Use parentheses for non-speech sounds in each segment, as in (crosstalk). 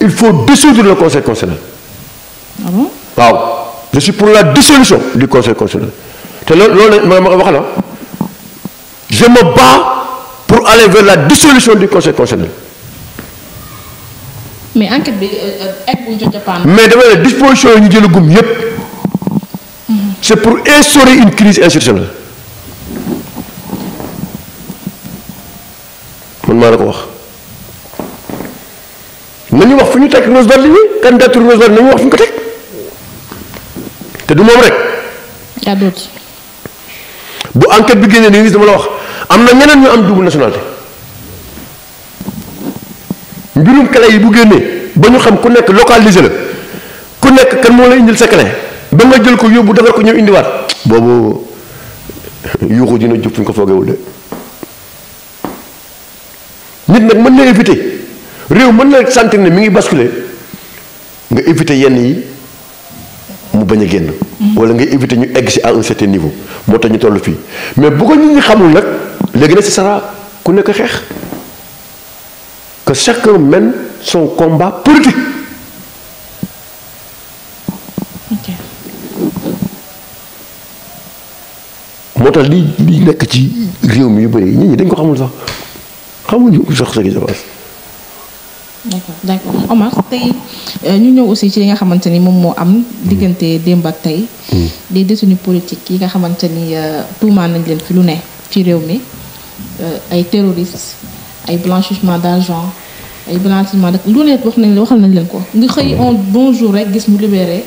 il faut dissoudre la conseil constitutionnel. ah waaw je suis pour la dissolution du conseil constitutionnel te lool loolu ma wax la je me bats pour aller vers la dissolution du conseil constitutionnel. mais enquête bi euh, euh, mais dama ne disposition yi ñu jël gum yépp mhm. c'est pour sori une crise institutionnelle man maa la ko wax. nañu wax fu ñu teg Rose Wardini candidature Rose Wardini nañu wax fu ñu ko teg te du moom rek. bu enquête bi génnee ni gis dama la wax am na ñeneen ñu am double nationalité mbirum clé yi bu génnee ba ñu xam ku nekk localisé la ku nekk kan moo lay indil sa clé ba nga jël ko yóbbu defar ko ñëw indiwaat. boobu yuuxu dina jub fu ñu ko foogewul de nit nag mën na éviter. réew mën na sentir ne mi ngi basculer nga éviter yenn yi mu bañ a génn. wala nga éviter ñu egg si à un certain niveau moo tax ñu tollu fii mais bu ko nit ngi xamul nag léegi nag ce sera ku nekk xeex que chacun mène son combat politique. ok. moo tax li li nekk ci réew mi yu bëri nit ñi dañ ko xamul sax xamuñu sax ce qui se passe d'accord d'accord Omar tey euh, ñu ñëw aussi ci li nga xamante ni moom moo am. diggante démb ak tey. Hmm. des détenus politiques yi nga xamante ni euh, tuumaan nañ leen fi lu ne ci réew mi euh, ay terroristes ay blanchiment d'argent ay blanchiment de lu ne wax nañ waxal nañ leen ko. nga xëy un bon jour rek gis mu libéré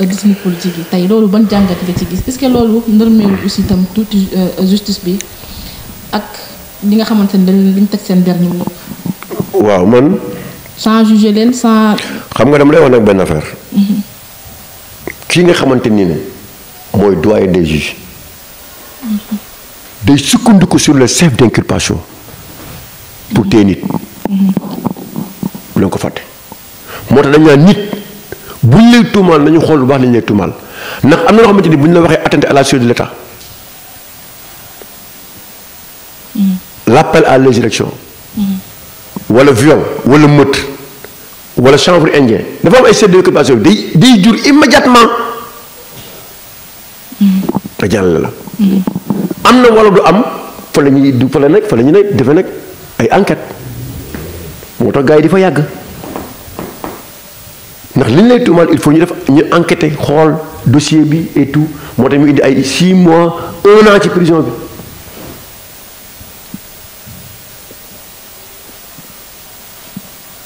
détenus politiques yi tey loolu ban jàngat nga ci gis est-ce que loolu ndërmeewul aussi itam tuuti justice bi ak li nga xamante ni dañ leen teg seen dernier waaw man. sans juger leen sans. xam nga dama lay wax nag benn affaire. Mhm. kii nga xamante ni ne mooy doyen des juges. Mhm. day sukkandiku sur le chef d'inculpation pour mhm. téye nit. bu leen ko fàtte. moo tax dañ naan nit buñ lay tuumaal nañu xool lu baax nañ lay tuumaal ndax am na loo xamante ni buñ la waxee atteinte à la sûreté de l'appel à l'insurrection wala viol wala meurtre wala chanvre indien dafa am ay chef d'occupation day day jur immédiatement mm. te mm. am na wala du am fa la ñuy fa la nekk fa la ñu nekk defe nag ay enquête moo tax gars yi di fa yàgg ndax li ñu lay tuumaal il faut ñu def ñu enquêter xool dossier bi et moo tax mu indi ay 6 mois 1 an ci prison bi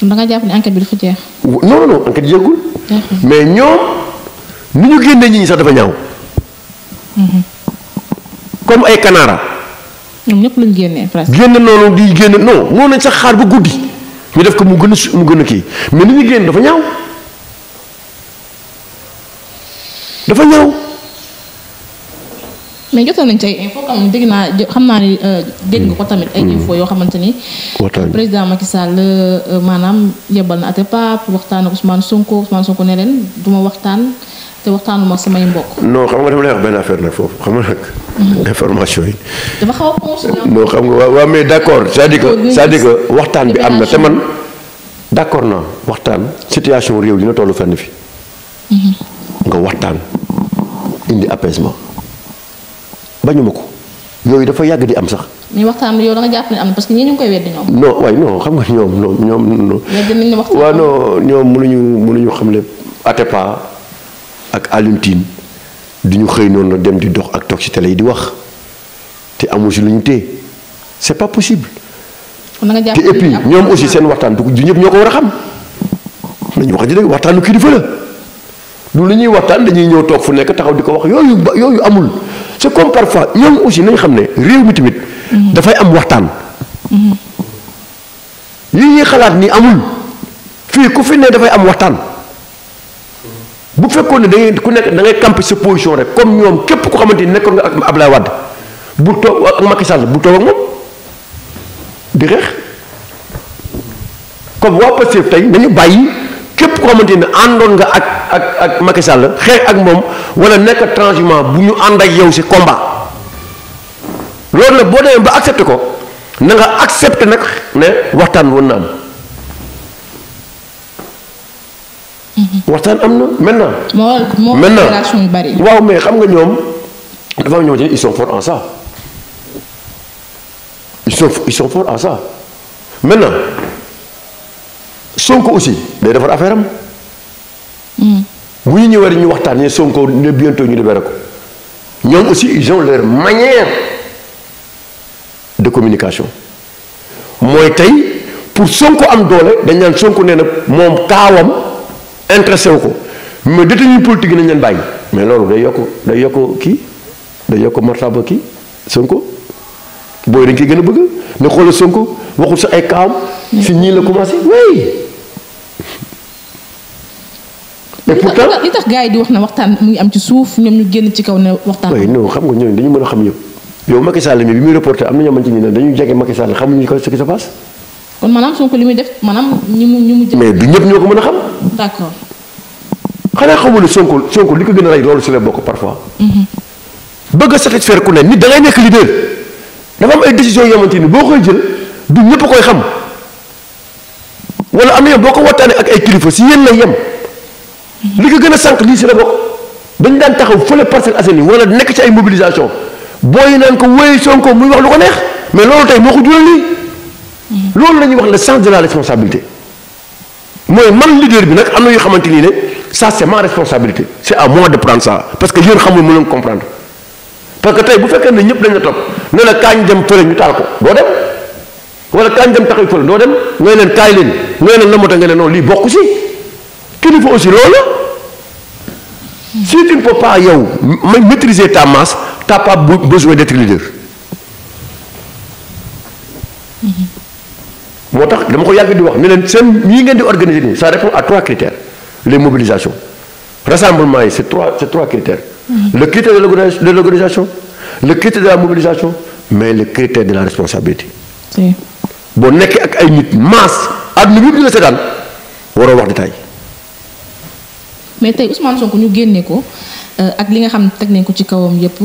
da nga jàpp ne enquête bi dafa jeex. non non enquête jeexul. mais ñoom ni ñu génnee nit ñi sax dafa ñaaw. Mhm. comme ay kanaara. ñoom ñëpp lañ génnee presque. génn noonu di génn non moo nañ sax xaar ba guddi ñu def ko mu gën a su mu gën a kii mais ni ñu génn dafa ñaaw dafa ñaaw. mais jotoon nañ ci dégg naa xam naa ni euh, dégg nga ko mm. tamit. ay mm. info yoo xamante ni. président Macky Sall euh, maanaam yebal na Atepa waxtaan ak Ousmane Sonko Ousmane du waxtaan te waxtaanu ma samay mbokk. non xam nga dama lay wax benn affaire nag foofu xam mm. information yi. dafa xaw a xam nga waaw mais d' accord c' est à waxtaan bi am na te man d' accord naa waxtaan situation réew dina toll fenn fi. Mm-hmm. nga waxtaan indi apaisement. bañu ma ko yooyu dafa yàgg di am sax. ni waxtaan bi yow da jàpp ne am na parce que ñii ñu ngi koy weddi ñoom. non waay non xam nga ñoom ñoom ñoom. weddi nañ ne waxtaan waaw non ñoom ak Alioune Tine xëy noonu dem di dox ak toog ci télé yi di wax te amu si lu ñu téye c'est pas possible. kon nga jàpp te et puis ñoom aussi seen waxtaan du ñëpp ñoo ko war a xam nañu wax ji dëgg waxtaanu kilifa la du ñuy waxtaan dañuy ñëw toog fu nekk taxaw di ko wax yooyu ba yooyu amul. ce comme parfois ñoom aussi nañ xam ne réew mi tamit. dafay am waxtaan. li ñuy xalaat ni amul fii ku fi ne dafay am waxtaan bu fekkoon ne da ngay ku nekk da ngay camper sa position rek comme ñoom képp ku xamante ni nekkoon nga ak Ablaye Wade bu toog ak Macky Sall bu toog ak moom di xeex comme waa Pastef tey nañu bàyyi. képp koo xamante ni àndoon nga ak ak ak Macky xeex ak moom wala nekk transhumant bu ñu ànd ak yow si combat loolu nag boo demee ba accepté ko na nga accepté nag ne waxtaan woon na mhm. waxtaan am na maintenant. moo moo bari waaw mais xam nga ñoom dafa am ñoo xam ils sont forts en ça ils sont ils en ça maintenant. Sonko aussi day defar affaire am. bu ñu ñëwee ñu waxtaan ñu Sonko ne bientôt ñu libéré ko ñoom aussi ils ont leur communication mooy tey pour Sonko am doole dañ naan Sonko nee na moom kaawam intéressé wu ko mais détenu politique yi nañ leen bàyyi mais loolu day yokk day yokk kii day yokk martaba kii Sonko booy dañ koy gën a bëgg ne xoolal Sonko waxul sa ay kaawam. si ñii la commencé oui. et pourtant li tax gars yi di wax na waxtaan mu ngi am ci suuf ñoom ñu génn ci kaw ne waxtaan. oui xam nga ñooñu dañu mën a xam yëpp bi ñëpp ñoo ko mën a xam. d'accord. xanaa xamul ne li ko gën a rey loolu si la bokk parfois. bëgg a ku ne nit da ngay nekk leader dafa am ay décisions yoo xamante ni boo koy jël du ñëpp koy xam wala am na yow boo ko waxtaanee ak ay kilifa si yéen lay yem li ko gën a sànq lii si la bokk dañu daan taxaw fële Parcelles Assainies wala nekk ci ay mobilisation booy naan ko wéy Sonko muy wax lu ko neex mais loolu tey moo ko jural lii loolu la ñuy wax le sens de la responsabilité mooy man leader bi nag am na yoo xamante nii ne ça c'est ma responsabilité c'est à moi de prendre ça parce que yéen xamul mën leen comprendre parce que tey bu fekkee ne ñëpp dañ la topp ne la kaañ dem fële ñu taal ko doo dem wala kaañ dem taxaw fële doo dem ngay leen kaay leen ngay leen la mota nga ne bokku si kilifa aussi loolu la si tu ne peux pas yow maîtriser ta masse t'as pas besoin d'être leader mm-hmm. moo tax dama ko yàgg di wax ne leen seen ñi ngeen di organiser nii ça répond à trois critères les mobilisations rassemblement yi c'est trois c'est trois critères mm-hmm. le critère de l'organisation le critère de la mobilisation mais le critère de la responsabilité boo nekkee ak ay nit masse àdduna bi la seetaan waroo wax détail mais tey Ousmane Sonko ñu génne ko euh, ak li nga xam ne teg nañ ko ci kawam yépp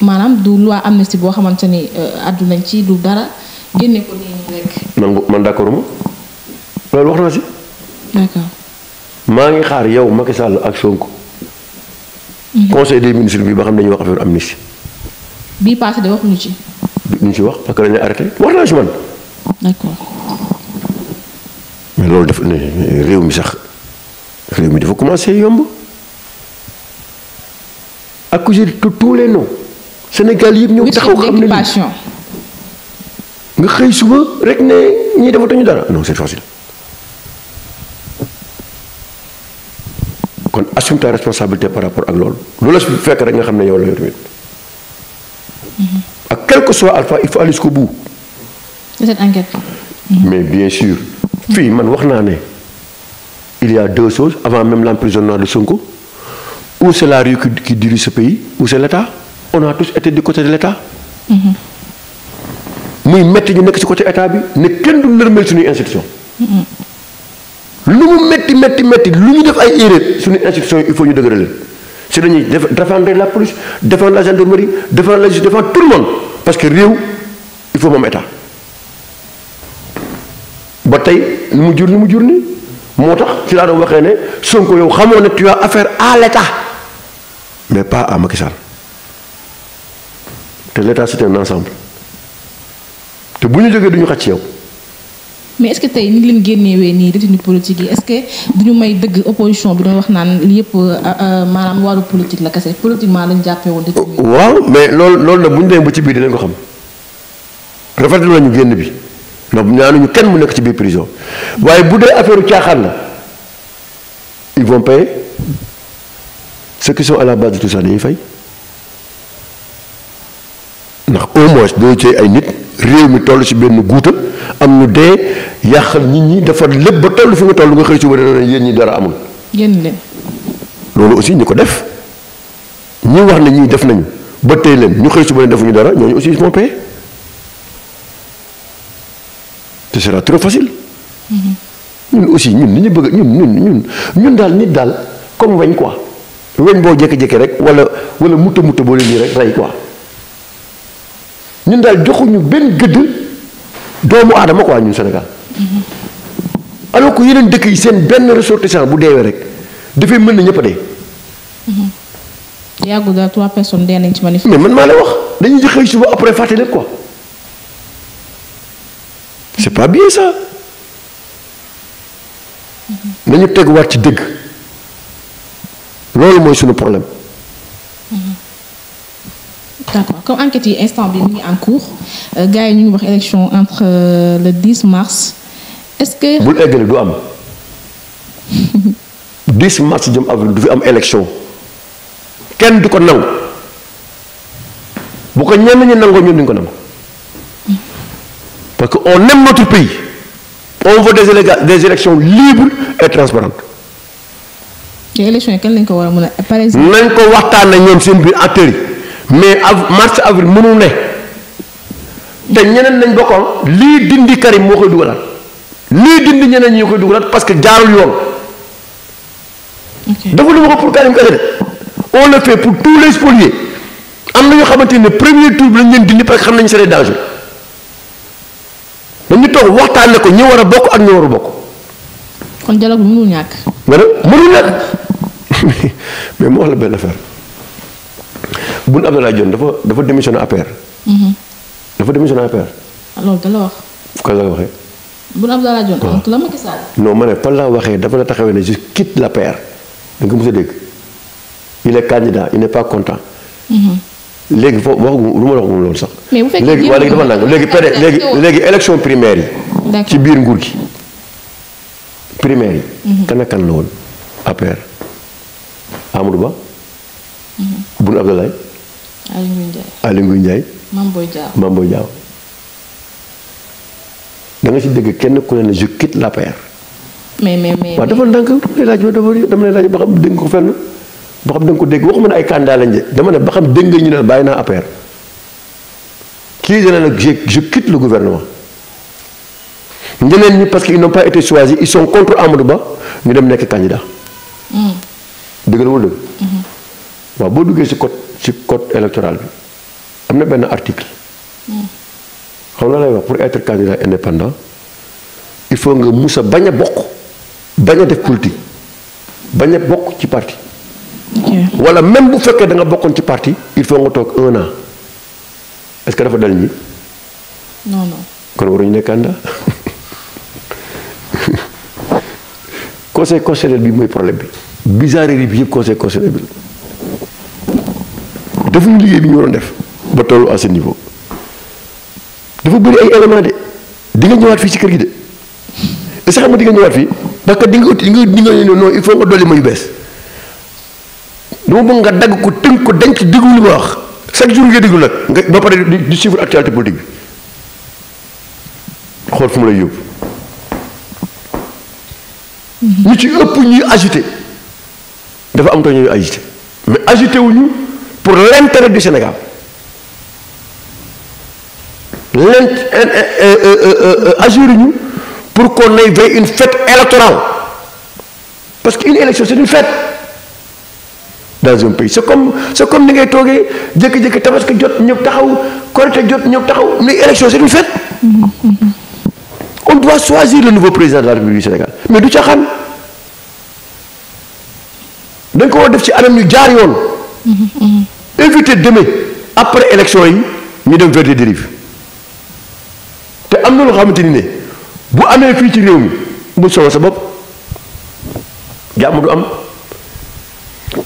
maanaam du loi amnistie boo xamante ni euh, àdduna ci du dara génne ko nii rek. man man d'accord ma loolu wax naa si. d'accord. maa ngi xaar yow Macky Sall ak Sonko. Mhm. conseil des ministres bi ba xam dañuy wax affaire amnistie. bii passé de waxuñu ci. ñu ci wax parce arrêté wax naa si man. d'accord. mais loolu def réew mi sax. réew mi dafa commencé yomb accuser tous les noms Sénégal yëpp ñëw taxaw xam ne lii nga xëy suba rek ne ñii defatuñu dara non c'est facile kon assume ta responsabilité par rapport ak loolu loolu la su fekk rek nga xam ne yow la yow tamit mm-hmm. ak quel que soit alpha il faut aller jusqu'au bout mm-hmm. mais bien sûr fii man wax naa ne il y a deux choses avant même l'emprisonnement de Sonko ou c'est la rue qui, qui dirige ce pays ou c'est l'État on a tous été du côté de l'État mm-hmm. muy metti ñu nekk ci côté état bi ne kenn du nërmel suñuy institution mm-hmm. lu mu metti metti metti lu ñu def ay erreur suñuy institution il faut ñu dëgëral leen si dañuy défendre la police défendre la gendarmerie défendre la justice défendre tout le monde parce que réew il faut moom état ba tey nu mu jur ni mu jur ni moo tax ci laa doon waxee ne Sonko yow xamoon ne tu affaire à l'État mais pas à Macky Sall te l'État c'est un ensemble te bu ñu jógee du ñu xaj ci yow. mais est-ce que tey ni leen génnewee nii détenu politique yi est-ce que duñu may dëgg opposition bi doon wax naan li yëpp euh, euh, maanaam wàllu politique la kese politiquement lañ jàppee woon. waaw mais lool loolu nag bu ñu demee ba ci biir dinañ ko xam rafetlu nañu génn bi. donc ñu kenn mu nekk ci biir prison waaye bu dee affaire caaxaan la ils vont payer ceux qui à la base de tout dañuy fay ndax au moins doo cee ay nit réew mi toll ci benn guuta am ñu dee yàqal nit ñi defar lépp ba toll fi nga toll nga xëy suba dana yéen ñi dara amul. yéen leen. loolu aussi ñu ko def ñi wax ne ñii def nañu ba tey leen ñu xëy suba ne defuñu dara ñooñu aussi ils vont ce sera trop facile. ñun aussi ñun ni ñu bëgg ñun ñun ñun daal nit daal comme weñ quoi weñ boo jékki-jékki rek wala wala mutta mutta boo leen rek rey quoi ñun daal joxuñu benn gëdd doomu aadama quoi ñun Sénégal. alors que yeneen dëkk yi seen benn ressortissant bu deewee rek dafay mën na ñëpp a dee. yàggu man maa la wax dañuy xëy suba après fàtte leen quoi. c'est pas bien ça nañu teguwaat ci dëgg loolu mooy suñu problème. d'accord comme enquête yi instant bi mu ngi en cours euh, gars yi ñu ngi wax élection entre euh, le 10 mars est-ce que. bul eggale du am 10 (laughs) mars jëm avril du fi am élection kenn du ko nangu bu ko ñenn ñi nangoo ñun duñ ko nangu. Parce qu'on aime notre pays. On veut des, élég des élections libres et transparentes. élection yi kan lañ ko war a mën a nañ ko waxtaan nañ ñoom seen biir acteurs yi mais av mars avril mënul ne te ñeneen nañ bokkoon lii dindi Karim moo koy dugalaat lii dindi ñeneen ñi koy dugalaat parce que jaarul yoon. ok dafa lu ma ko pour Karim kese de on le fait pour tous les spoliés am na ñoo xamante ni premier tour bi lañ leen dindi parce que xam nañ c'est dangereux. toog waxtaanee ko ñi war a bokk ak ñi war a bokk. kon dialogue bi mënul ñàkk. nga ne mënul ñàkk (laughs) mais wax la benn affaire Boun Abdallah dafa dafa démissionné APR. Mhm. dafa démissionné APR. Ah, loolu da la wax. kan la ko ma ne fan laa waxee dafa la taxawee ne je quitte l'APR da nga ko mës a dégg il est candidat il n'est pas content. Mhm. léegi foofu wax lu wax moom loolu sax. mais léegi waa léegi dafa nangam léegi pare léegi léegi élection primaire yi. ci biir nguur gi. Mhm. primaire yi. Mhm. kan la woon APR. Amadou Ba. Mhm. Boun Abdallah. Aliou Ndiaye Aliou Ndiaye. Mame Boye Diao Mame Boye da nga dégg kenn ku ne ne je quitte l'APR. mais mais mais waaw dafa ndànk dama lay ba xam ko fenn. ba xam da nga ko dégg waxuma ne ay candidat lañ de dama ba xam dégg nga ñu ne bàyyi naa APR kii dana nag je je quitte le gouvernement parce que ils n'ont pas été choisis ils sont contre Amadou Ba ñu dem nekk candidat. Hmm. dëgg la dëgg. Hmm. waaw boo duggee si code ci code électoral bi am na benn article. Hmm. xam la lay wax pour être candidat indépendant il faut nga musa bañ a bokk bañ a def politique bañ a bokk ci parti. wala même bu fekkee da nga bokkoon ci parti il faut nga toog un an est que dafa dal ñi. non non. kon waruñu ne candidat conseil bi mooy problème bi bizarrerie bi yëpp conseil constitutionnel bi defuñu liggéey bi ñu waroon def ba tollu à ce niveau dafa bëri ay éléments de di nga ñëwaat fii ci kër gi de est-ce que xam nga di nga ñëwaat fii parce que di nga di nga di nga non il nga dolli ma yu bees. dama bëgg nga dagg ko tënk ko denc déglu li ma wax chaque jour nga déglu nag nga ba pare di suivre actualité politique bi xool fu mu lay yóbbu. ñu ci ëpp ñuy agité dafa am tax ñu agité mais agité wuñu pour l'intérêt du Sénégal lent euh, euh, euh, agir ñu pour qu'on ait une fête électorale parce qu'une élection c'est une fête. dans un pays c'est comme c'est comme li ngay toogee jékki-jékki tabaski jot ñëpp taxaw korite jot ñëpp taxaw ni élection c'est une fête on doit choisir le nouveau président de la République du Sénégal mais du caaxaan dañ ko war def ci anam ñu jaar yoon éviter demee après élection yi ñu dem vers des dérives te am na loo xamante ni ne bu amee fii ci réew mi bu solo sa bopp jàmm du am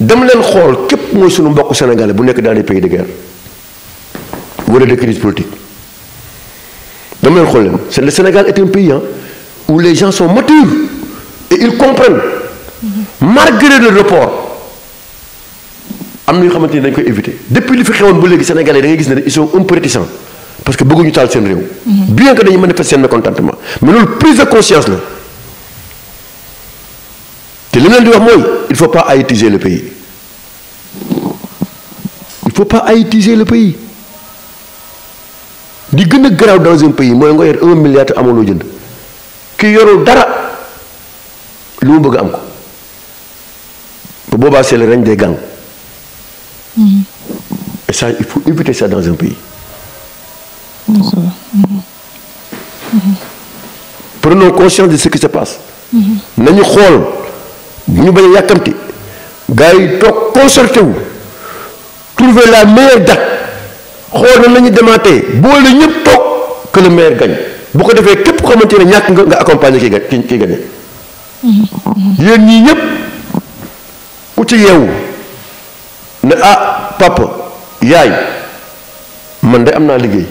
dem leen xool képp mooy sunu mbokk sénégalais bu nekk dans les pays de guerre wala de crise politique dem leen xool leen c'est le Sénégal est un pays où les gens sont matures et ils comprennent malgré le report am na yoo xamante ni dañ koy éviter depuis li fi xewoon ba léegi sénégalais da ngay gis ne ils sont un peu parce que bëgguñu taal seen réew. Mhm. bien que dañuy manifester seen mécontentement mais loolu prise de conscience la. te li di wax mooy il faut pas haïtiser le pays il faut pas haïtiser le pays di gën a garaaw dans un pays mooy nga yor un milliard te jënd ki yorul dara lu mu bëgg am ko bu boobaa c'est le règne des gangs mm-hmm. et il faut éviter ça dans un pays. Mm-hmm. Mm-hmm. prenons conscience de ce qui se passe. nañu xool. ñu bañ yàkkamti gars yi toog concerté wu trouver la meilleure date xool na la ñu demaatee boole ñëpp toog que le meilleur bu ko defee képp ko xamante ne ñàkk nga nga accompagner kii gañ kii gañe yéen ñii ñëpp ku ci yeewu ne ah papa yaay man de am naa liggéey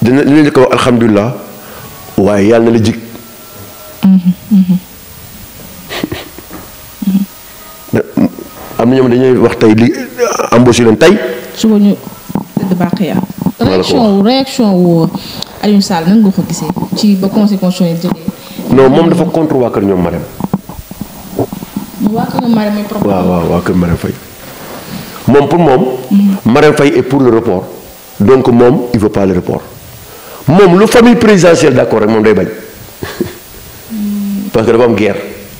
dina li leen di wax alhamdulilah waaye yàlla na la jig mm-hmm, mm-hmm. am na ñoom dañooy wax tey li embauché leen tey. suba ñu tëdd bàq ya. réaction wu réaction wu Alioune Sall nan nga ko gisee ci ba conséquences yi jëlee. non moom dafa contre waa ñoom Marème. waa kër Marème mooy waaw waaw waa kër Marème moom pour moom. Mm. Marème Faye et pour le report donc moom il veut pas le report moom lu famille présidentielle d'accord rek moom day bañ mm. parce que dafa am guerre.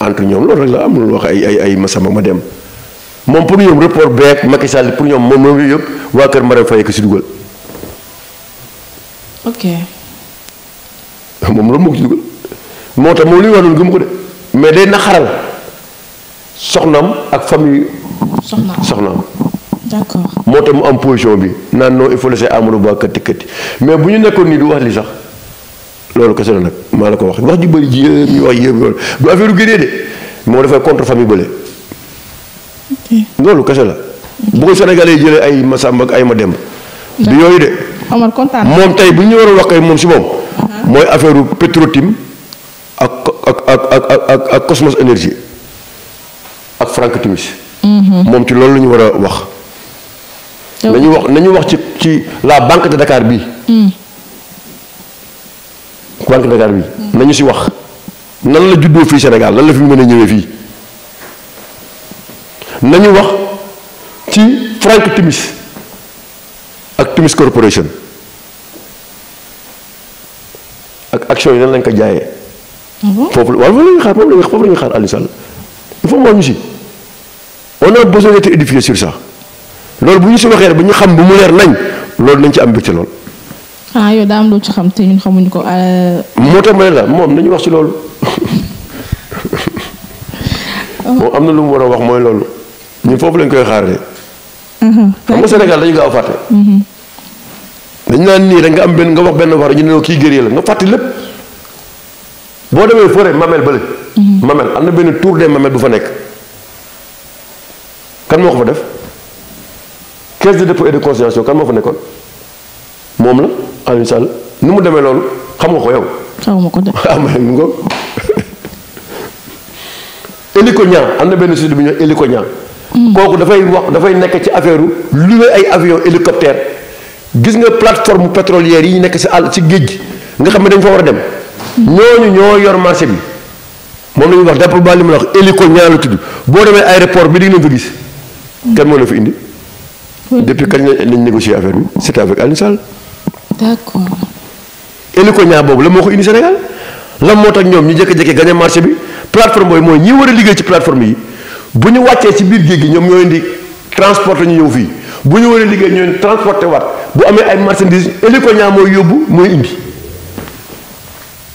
entre ñoom loolu rek la amul wax ay ay ay Massamba ma dem moom pour ñoom report beeg Macky Sall pour ñoom moom loolu yëpp waa Kër Marème fa ko si dugal. moom loolu moo ko moo tax moom li ñu wax noonu gëm de mais day naxaral soxnaam ak famille. soxnaam moo tax mu am position bi naan non il faut laisser Amadou Ba mais bu ñu nekkoon nii du wax li sax loolu kese la nag. maa la ko wax wax ju bëri ji ñu wax yëpp loolu du affaire gënee de moo dafay contre famille bële. loolu kese la. bu ko Sénégalais jëlee ay ma sàmb ay ma demb du yooyu de. Omar kontaan moom tey bu ñu war a wax kay moom si moom. Uh-huh. mooy affaire Petro-Tim ak ak ak ak ak Énergie ak Frank Timis. Mm-hmm. moom ci loolu lañu war a wax. nañu wax nañu wax ci ci la banque de Dakar bii. Mm. banque de Dakar bi nañu si wax nan la juddoo fii Sénégal nan la fi mën a ñëwee fii nañu wax ci Frank Timis ak Timis Corporation ak action yi nan lañ ko jaayee. Mhm. foofu la xaar la ñuy foofu la ñuy xaar Aliou Sall il ñu si on a besoin d'être édifié sur ça loolu bu ñu si waxee bu ñu xam bu mu leer nañ loolu nañ ci am mbégte lool. xanaa ah, yow daa ci xam te ñun xamuñu ko. Euh, moo tax ma la moom nañu wax ci loolu. (laughs) na lu war a wax mooy loolu foofu lañ koy xaar de. Mm-hmm. xam nga Sénégal dañu gaaw a fàtte. Mm-hmm. dañu naan nii rek nga am benn nga wax benn wax ñu ne kii guerrier la nga fàtte lépp boo demee forêt mamel bële. Mm-hmm. mamel am na benn tour de mamel bu fa nekk. kan moo ko fa def caisse de et de consignation kan moo fa nekkoon moom la. Aliou Sall nu mu demee loolu xam nga ko yow. xaw ma ko de hélico (laughs) ah, ñaa am na benn sud bi ñuy wax hélico ñaa hmm. kooku dafay wax dafay nekk ci affaire loué ay avion hélicoptère gis nga plateforme pétrolière yi nekk si àll ci géej gi nga xam ne dañ fa war a dem hmm. ñooñu ñoo yor marché bi moom la ñuy wax dàpp ba li ma la wax hélico ñaa la tudd boo demee aéroport bi di nga fa gis hmm. kenn moo la fi indi depuis kañ lañ négocier affaire bi c'était avec Aliou Sall d'accord. Elicoña boobu la moo ko indi Sénégal lan moo tax ñoom ñu jékki-jékki gagné marché bi plateforme boobu mooy ñi war a liggéey ci plateforme yi bu ñu wàccee ci biir géej gi ñoom ñoo indi transporté ñu ñëw fii bu ñu war a liggéey ñoo indi waat bu amee ay marchandises Elicoña mooy yóbbu mooy indi.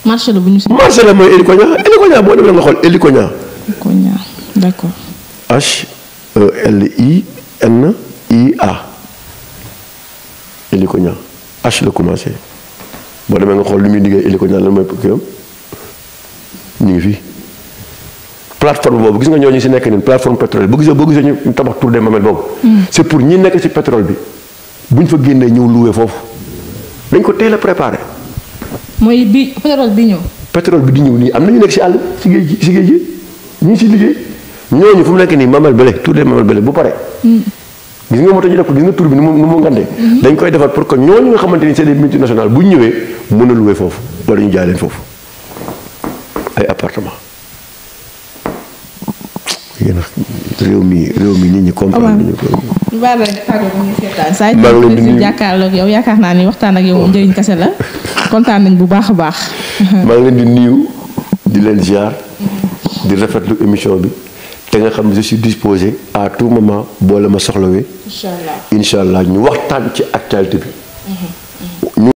marché la bu ñu si. marché la mooy Elicoña Elicoña boo demee nga xool Elicoña. E Elicoña H la commencé boo demee nga xool li muy liggéey illi ko ñaan lan mooy këram ngi fi plateforme boobu gis nga ñooñu si nekk nii plateforme pétrole boo gisee boo gisee ñu tabax tour des mamelles boobu. Mm. c'est pour ñi nekk ci pétrole bi bu ñu fa génnee ñëw loué foofu dañ ko teel a préparé. mooy bi pétrole bi ñëw. pétrole bi di ñëw nii am na ñu nekk si àll si géej gi si géej gi ñu ngi si liggéey ñooñu fu mu nekk nii mamel bële tour des mamelles bu pare. Mm. gis nga moto ñu def ko gis nga tur bi nu mu nu mu ngandee mhm. dañ koy defar pour que ñooñu nga xamante ni c'est des multinationales bu ñu ñëwee mën a louer foofu wala ñu jaay leen foofu ay appartement réew mi réew mi ñu ñi ko. baal nañu tàggatoo bu ñu seetaan saa ñu jàkkaarloog yaakaar naa ni waxtaan ak yow kese la kontaan nañ bu baax a baax. maa ngi leen di nuyu di leen ziar di rafetlu émission bi. te nga xam ne je suis disposé à tout moment boole ma soxlawee. incha allah incha allah ñu waxtaan ci actualité bi. Mhm.